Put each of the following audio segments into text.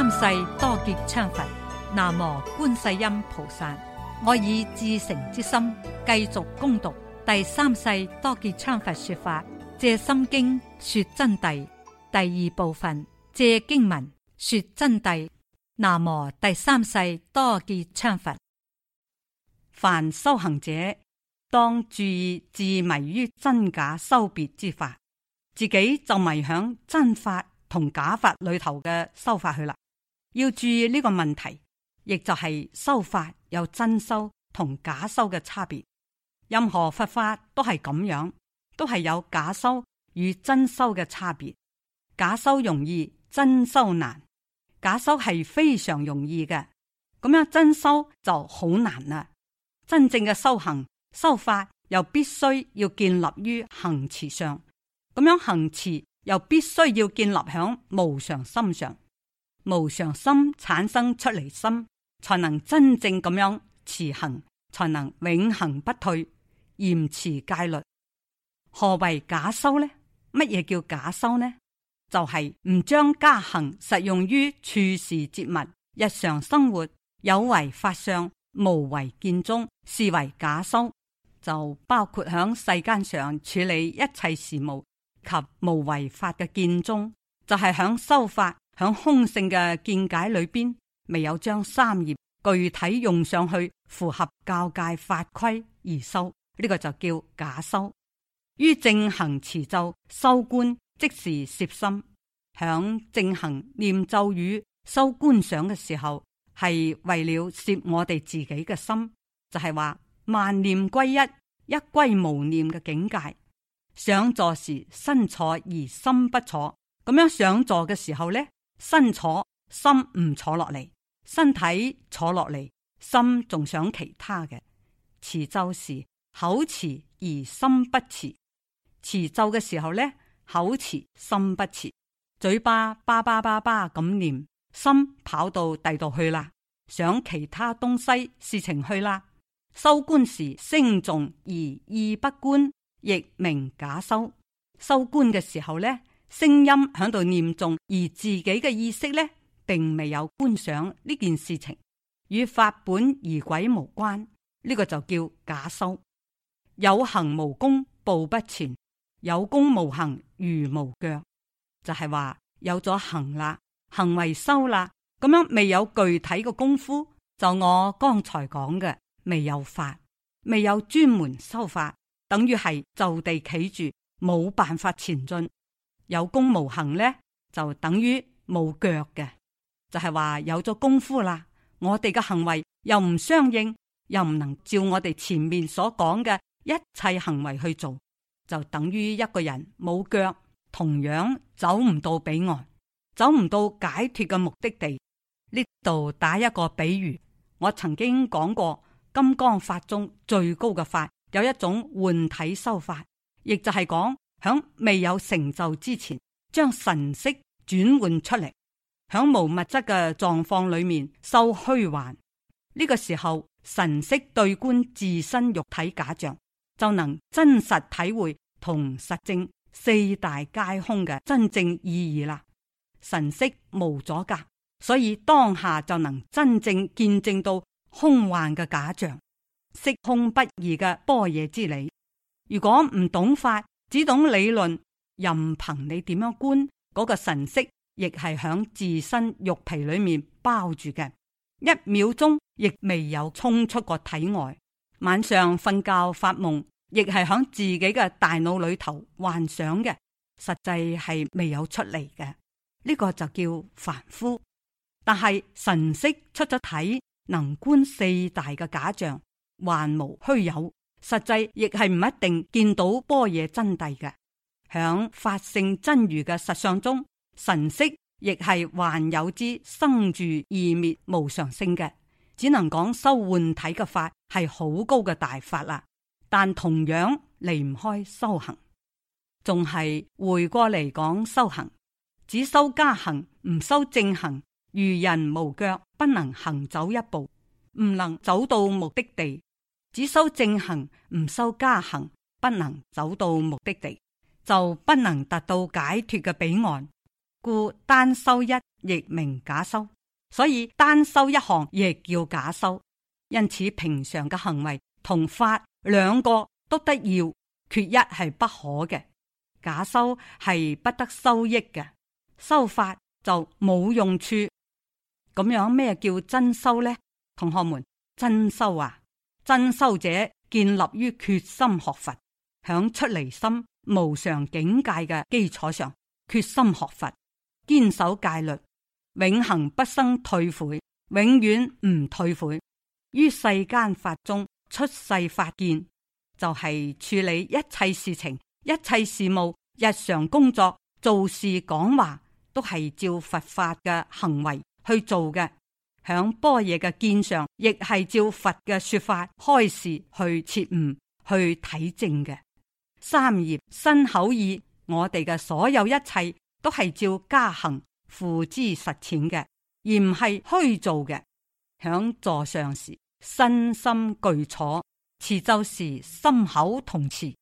三世多杰羌佛，南無觀世音菩薩。我以至誠之心繼續攻讀第三世多杰羌佛說法，藉心經說真諦第二部分，藉經文說真諦。南無第三世多杰羌佛。凡修行者當注意自迷於真假修別之法，自己就迷響真法同假法裏頭嘅修法去啦。要注意呢個問題，亦就係修法有真修同假修嘅差別。任何佛法都係咁樣，都係有假修與真修嘅差別。假修容易，真修難。假修係非常容易嘅，咁樣真修就好難啦。真正嘅修行修法，又必須要建立於行持上，咁樣行持又必須要建立響無常心上。無常心產生出嚟心，才能真正咁樣持行，才能永恒不退，嚴持戒律。何為假修呢？乜嘢叫假修呢？就係、是、唔將加行實用於處事接物、日常生活，有為法上無為見中視為假修，就包括響世間上處理一切事務及無為法嘅見中，就係、是、響修法。響空性嘅見解裏邊，未有將三業具體用上去，符合教界法規而修，呢、這個就叫假修。於正行持咒、修觀即時攝心，響正行念咒語、修觀想嘅時候，係為了攝我哋自己嘅心，就係、是、話萬念歸一，一歸無念嘅境界。上座時，身坐而心不坐，咁樣上座嘅時候咧。身坐心唔坐落嚟，身體坐落嚟，心仲想其他嘅。持咒時，口持而心不持，持咒嘅時候咧，口持心不持，嘴巴叭叭叭叭咁念，心跑到第度去啦，想其他東西事情去啦。收官時聲重而意不觀，亦名假收。收官嘅時候咧。聲音響度念誦，而自己嘅意識呢，並未有觀想呢件事情，與法本儀軌無關。呢、這個就叫假修，有行無功，步不前；有功無行，如無腳。就係、是、話有咗行啦，行為修啦，咁樣未有具體嘅功夫，就我剛才講嘅，未有法，未有專門修法，等於係就地企住，冇辦法前進。有功無行呢，就等於冇腳嘅，就係話有咗功夫啦，我哋嘅行為又唔相應，又唔能照我哋前面所講嘅一切行為去做，就等於一個人冇腳，同樣走唔到彼岸，走唔到解脱嘅目的地。呢度打一個比喻，我曾經講過金剛法中最高嘅法，有一種換體修法，亦就係講。喺未有成就之前，將神色轉換出嚟，喺無物質嘅狀況裏面受虛幻呢、呢個時候，神色對觀自身肉體假象，就能真實體會同實證四大皆空嘅真正意義啦。神色無阻隔，所以當下就能真正見證到空幻嘅假象，色空不二嘅般若之理。如果唔懂法。只懂理論，任憑你點樣觀，嗰、那個神識亦係響自身肉皮裏面包住嘅，一秒鐘亦未有衝出過體外。晚上瞓覺發夢，亦係響自己嘅大腦裏頭幻想嘅，實際係未有出嚟嘅。呢、這個就叫凡夫。但係神識出咗體，能觀四大嘅假象，幻無虛有。實際亦係唔一定見到般若真諦嘅，響法性真如嘅實相中，神色亦係還有之生住異滅無常性嘅，只能講修換體嘅法係好高嘅大法啦。但同樣離唔開修行，仲係回過嚟講修行，只修加行，唔修正行，如人無腳，不能行走一步，唔能走到目的地。只修正行唔修加行，不能走到目的地，就不能達到解脫嘅彼岸。故單修一亦名假修，所以單修一行亦叫假修。因此平常嘅行為同法兩個都得要，缺一係不可嘅。假修係不得收益嘅，修法就冇用處。咁樣咩叫真修呢？同學們，真修啊！真修者建立於決心學佛，響出離心無常境界嘅基礎上，決心學佛，堅守戒律，永恒不生退悔，永遠唔退悔。於世間法中出世法見，就係、是、處理一切事情、一切事務、日常工作、做事、講話，都係照佛法嘅行為去做嘅。響般若嘅肩上，亦係照佛嘅說法開示去徹悟去體證嘅。三業身口意，我哋嘅所有一切都係照家行付之實踐嘅，而唔係虛做嘅。響座上時，身心俱坐；持咒時，心口同持。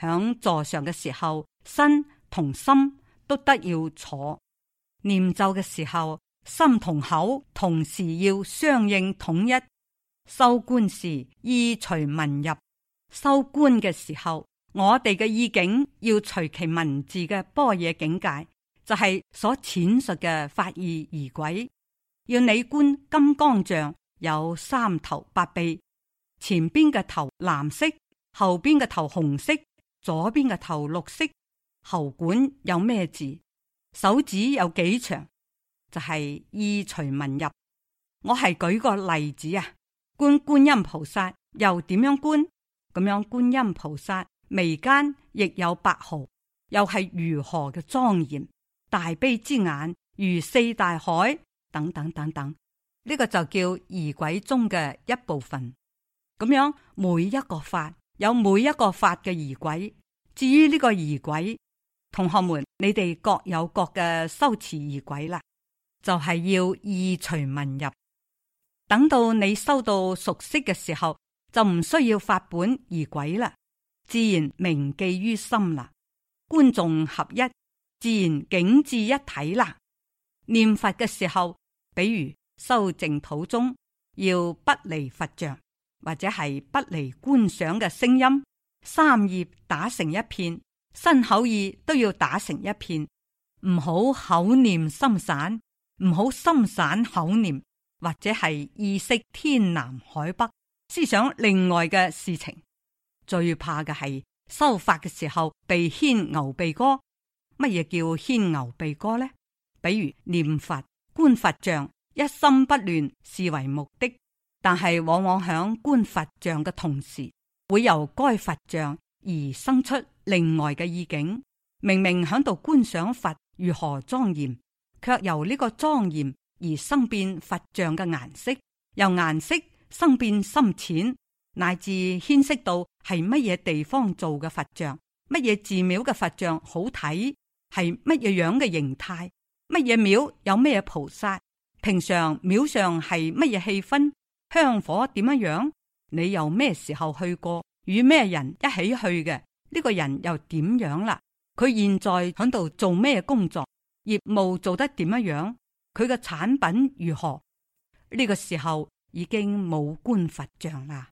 響座上嘅時候，身同心都得要坐；念咒嘅時候，心同口同時要相應統一，收觀時意隨文入。收觀嘅時候，我哋嘅意境要隨其文字嘅般若境界，就係、是、所闡述嘅法義而軌。要你觀金剛像，有三頭八臂，前邊嘅頭藍色，後邊嘅頭紅色，左邊嘅頭綠色。喉管有咩字？手指有幾長？就係意隨文入，我係舉個例子啊。觀觀音菩薩又點樣觀？咁樣觀音菩薩眉間亦有白毫，又係如何嘅莊嚴？大悲之眼如四大海，等等等等。呢個就叫儀軌中嘅一部分。咁樣每一個法有每一個法嘅儀軌。至於呢個儀軌，同學們，你哋各有各嘅修持儀軌啦。就係要意隨文入，等到你收到熟悉嘅時候，就唔需要法本而軌啦，自然銘記於心啦。觀眾合一，自然景致一體啦。念佛嘅時候，比如修淨土中，要不離佛像，或者係不離觀賞嘅聲音，三業，打成一片，身口意都要打成一片，唔好口念心散。唔好心散口念，或者係意識天南海北，思想另外嘅事情。最怕嘅係修法嘅時候被牽牛鼻歌。乜嘢叫牽牛鼻歌呢？比如念佛、觀佛像，一心不亂視為目的，但係往往響觀佛像嘅同時，會由該佛像而生出另外嘅意境。明明響度觀想佛如何莊嚴。卻由呢個莊嚴而生變佛像嘅顏色，由顏色生變深淺，乃至牽涉到係乜嘢地方做嘅佛像，乜嘢寺廟嘅佛像好睇，係乜嘢樣嘅形態，乜嘢廟有咩菩薩，平常廟上係乜嘢氣氛，香火點樣樣，你又咩時候去過，與咩人一起去嘅，呢個人又點樣啦？佢現在響度做咩工作？業務做得點樣樣？佢嘅產品如何？呢個時候已經冇觀佛像啦。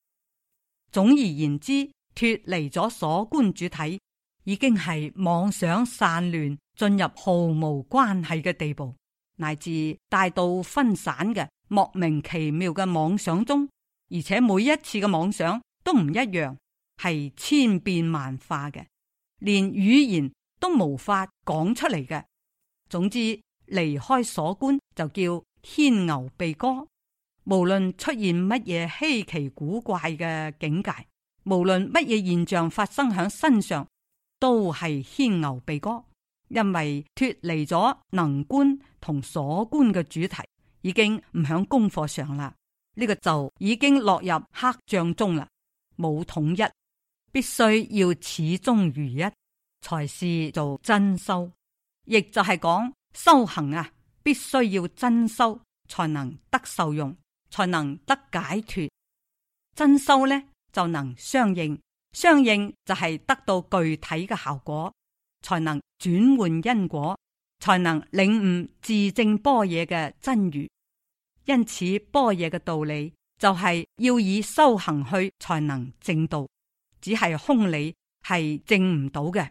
總而言之，脫離咗所觀主體，已經係妄想散亂，進入毫無關係嘅地步，乃至大到分散嘅莫名其妙嘅妄想中，而且每一次嘅妄想都唔一樣，係千變萬化嘅，連語言都無法講出嚟嘅。總之，離開所觀就叫牽牛鼻歌。無論出現乜嘢稀奇古怪嘅境界，無論乜嘢現象發生喺身上，都係牽牛鼻歌。因為脫離咗能觀同所觀嘅主題，已經唔響功課上啦。呢、這個就已經落入黑象中啦，冇統一，必須要始終如一，才是做真修。亦就係講修行啊，必須要真修，才能得受用，才能得解脫。真修咧就能相應，相應就係得到具體嘅效果，才能轉換因果，才能領悟自證般若嘅真如。因此，般若嘅道理就係要以修行去才能證道，只係空理係證唔到嘅。